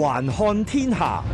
環看天下，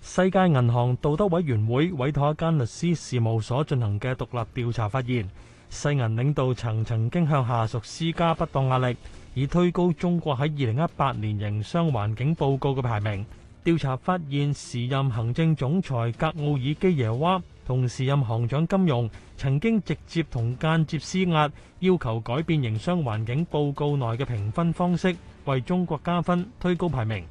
世界銀行道德委員會委託一間律師事務所進行嘅獨立調查發現，世銀領導層曾經向下屬施加不當壓力，以推高中國喺二零一八年營商環境報告嘅排名。調查發現，時任行政總裁格奧爾基耶娃。同時任行長金融曾經直接同間接施壓，要求改變營商環境報告內嘅評分方式，為中國加分，推高排名。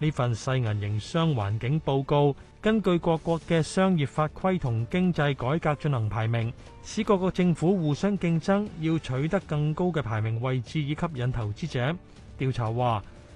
呢份世銀營商環境報告根據各國嘅商業法規同經濟改革進行排名，使各國政府互相競爭，要取得更高嘅排名位置以吸引投資者。調查話。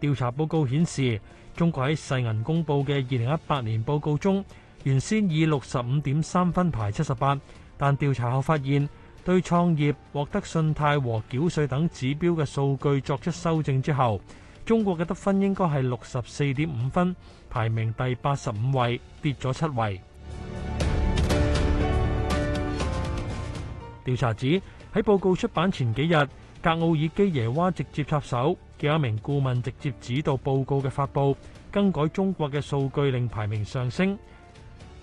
調查報告顯示，中國喺世銀公佈嘅二零一八年報告中，原先以六十五點三分排七十八，但調查後發現，對創業、獲得信貸和繳稅等指標嘅數據作出修正之後，中國嘅得分應該係六十四點五分，排名第八十五位，跌咗七位。調查指，喺報告出版前幾日，格奧爾基耶娃直接插手。叫一名顧問直接指導報告嘅發佈，更改中國嘅數據令排名上升。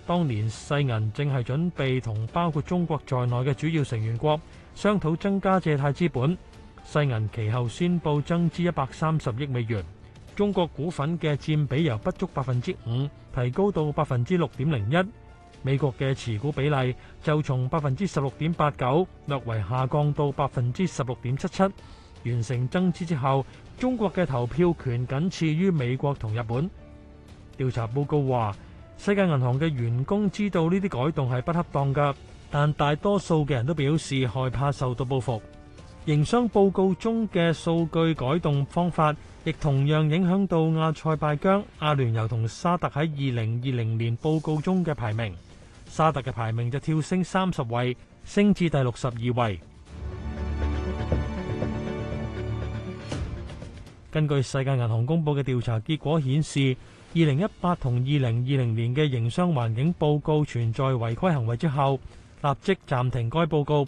當年世銀正係準備同包括中國在內嘅主要成員國商討增加借貸資本。世銀其後宣佈增資一百三十億美元，中國股份嘅佔比由不足百分之五提高到百分之六點零一，美國嘅持股比例就從百分之十六點八九略為下降到百分之十六點七七。完成增資之後，中國嘅投票權僅次於美國同日本。調查報告話世界銀行嘅員工知道呢啲改動係不恰當噶，但大多數嘅人都表示害怕受到報復。營商報告中嘅數據改動方法，亦同樣影響到阿塞拜疆、阿聯酋同沙特喺二零二零年報告中嘅排名。沙特嘅排名就跳升三十位，升至第六十二位。根據世界銀行公布嘅調查結果顯示，二零一八同二零二零年嘅營商環境報告存在違規行為之後，立即暫停該報告，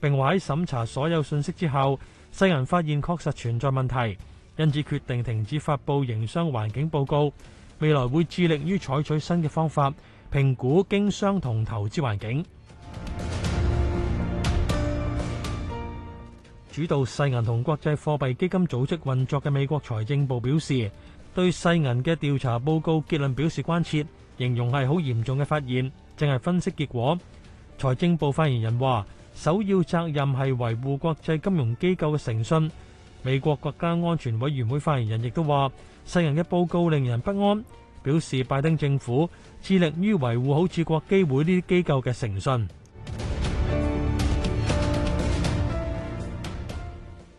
并話喺審查所有信息之後，世銀發現確實存在問題，因此決定停止發布營商環境報告。未來會致力於採取新嘅方法評估經商同投資環境。主導世銀同國際貨幣基金組織運作嘅美國財政部表示，對世銀嘅調查報告結論表示關切，形容係好嚴重嘅發現。正係分析結果，財政部發言人話，首要責任係維護國際金融機構嘅誠信。美國國家安全委員會發言人亦都話，世銀嘅報告令人不安，表示拜登政府致力於維護好似國基會呢啲機構嘅誠信。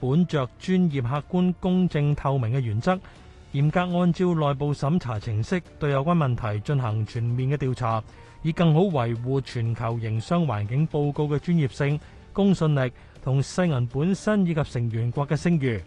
本着專業、客觀、公正、透明嘅原則，嚴格按照內部審查程序，對有關問題進行全面嘅調查，以更好維護全球營商環境報告嘅專業性、公信力同世銀本身以及成員國嘅聲譽。